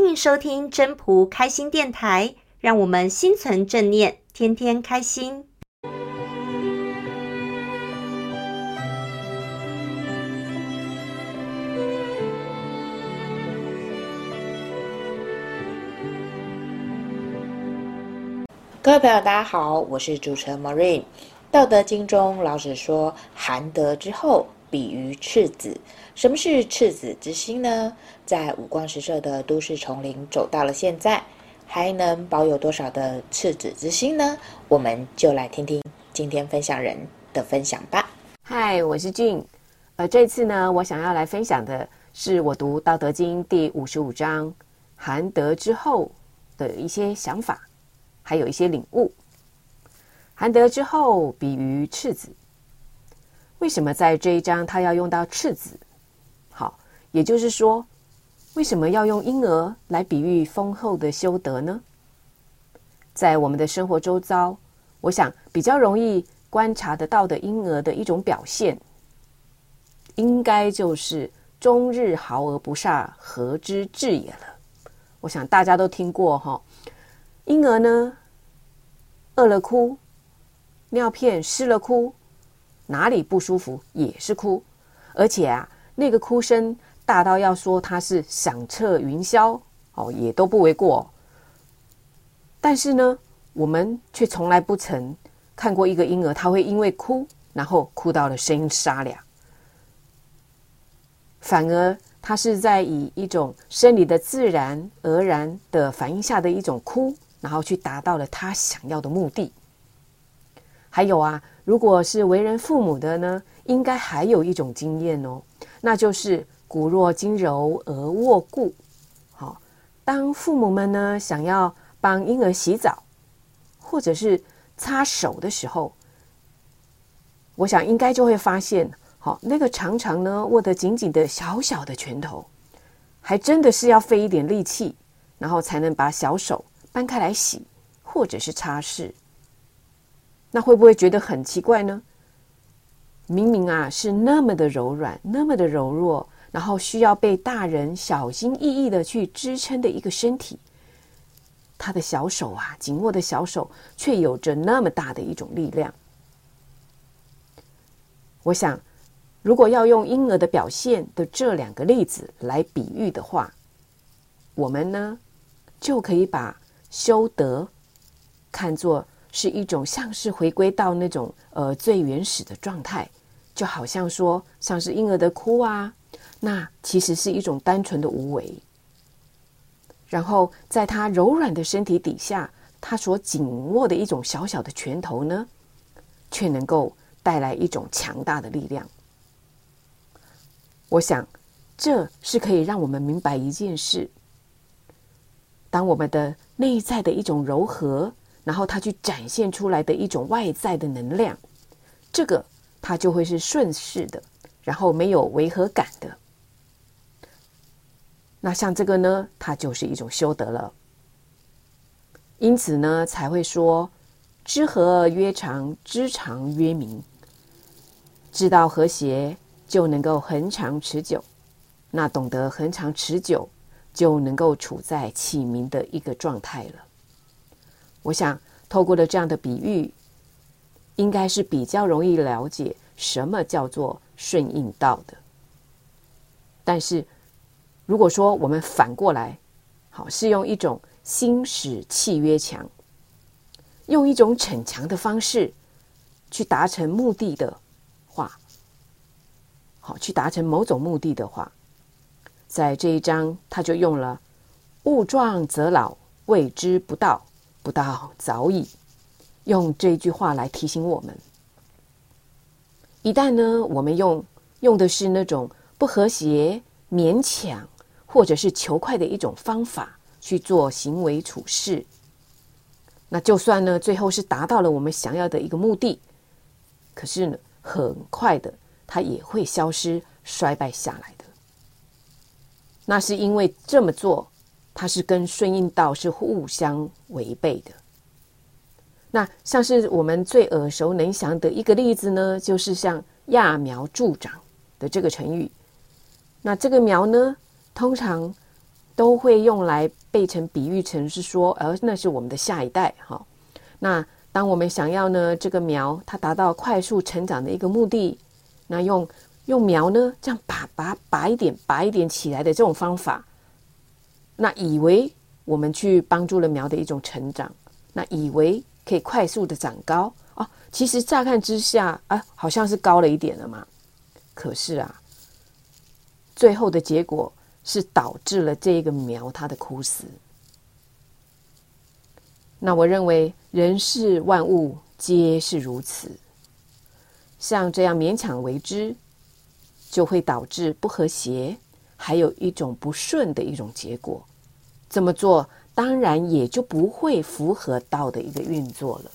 歡迎收聽真樸開心電台，讓我們心存正念，天天開心。各位朋友，大家好，我是主持人 Marine。《道德經》中，老子說：“含德之厚。”比於赤子，什麼是赤子之心呢？在五光十色的都市叢林走到了現在，還能保有多少的赤子之心呢？我們就來聽聽今天分享人的分享吧。嗨，我是俊，呃，這次呢，我想要來分享的是我讀《道德經》第五十五章“含德之厚”的一些想法，還有一些領悟。“含德之厚，比於赤子。”為什麼在這一章他要用到赤子？好，也就是說，為什麼要用嬰兒來比喻豐厚的修德呢？在我們的生活周遭，我想比較容易觀察得到的嬰兒的一種表現，應該就是“終日號而不嗄，和之至也”了。我想大家都聽過哈、哦，嬰兒呢，餓了哭，尿片濕了哭。哪裡不舒服也是哭，而且啊，那個哭聲大到要說他是響徹雲霄哦，也都不為過。但是呢，我們卻從來不曾看過一個嬰兒他會因為哭然後哭到了聲音沙啞，反而他是在以一種生理的自然而然的反應下的一種哭，然後去達到了他想要的目的。還有啊。如果是為人父母的呢，應該還有一種經驗哦，那就是“骨弱筋柔而握固”哦。好，當父母們呢想要幫嬰兒洗澡，或者是擦手的時候，我想應該就會發現，好、哦、那個常常呢握得緊緊的小小的拳頭，還真的是要費一點力氣，然後才能把小手搬開來洗，或者是擦拭。那會不會覺得很奇怪呢？明明啊是那麼的柔軟，那麼的柔弱，然後需要被大人小心翼翼的去支撐的一個身體，他的小手啊，緊握的小手，卻有着那麼大的一種力量。我想，如果要用嬰兒的表現的這兩個例子來比喻的話，我們呢就可以把修德看作。是一種像是回歸到那種呃最原始的狀態，就好像說像是嬰兒的哭啊，那其實是一種單純的無為。然後在他柔軟的身體底下，他所緊握的一種小小的拳頭呢，卻能夠帶來一種強大的力量。我想這是可以讓我們明白一件事，當我們的內在的一種柔和。然後他去展現出來的一種外在的能量，這個它就會是順勢的，然後沒有違和感的。那像這個呢，它就是一種修德了。因此呢，才會說知和曰常，知常曰明。知道和諧就能夠恆常持久，那懂得恆常持久就能夠處在啟明的一個狀態了。我想，透過了這樣的比喻，應該是比較容易了解什麼叫做順應道的。但是，如果說我們反過來，好，是用一種心使氣曰強，用一種逞強的方式去達成目的的話，好，去達成某種目的的話，在這一章他就用了“物壯則老，謂之不道”。不到早已用這一句話來提醒我們：一旦呢，我們用用的是那種不和諧、勉強或者是求快的一種方法去做行為處事，那就算呢，最後是達到了我們想要的一個目的，可是呢，很快的，它也會消失、衰敗下來的。那是因為這麼做，它是跟順應道是互相違背的。那像是我們最耳熟能詳的一個例子呢，就是像揠苗助長的這個成語。那這個苗呢，通常都會用來被成比喻成是說，呃，那是我們的下一代哈。那當我們想要呢，這個苗它達到快速成長的一個目的，那用用苗呢這樣拔拔拔一點拔一點起來的這種方法。那以為我們去幫助了苗的一種成長，那以為可以快速的長高哦、啊，其實乍看之下啊，好像是高了一點了嘛，可是啊，最後的結果是導致了這個苗它的枯死。那我認為，人世萬物皆是如此，像這樣勉強為之，就會導致不和諧。還有一種不順的一種結果，這麼做當然也就不會符合道的一個運作了。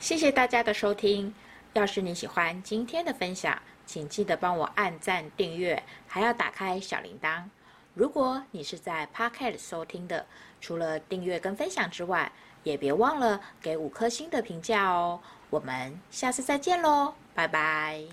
謝謝大家的收聽。要是你喜歡今天的分享，請記得幫我按贊、訂閱，還要打開小鈴鐺。如果你是在 Pocket 收聽的，除了訂閱跟分享之外，也別忘了給五顆星的評價哦。我們下次再見嘍，拜拜。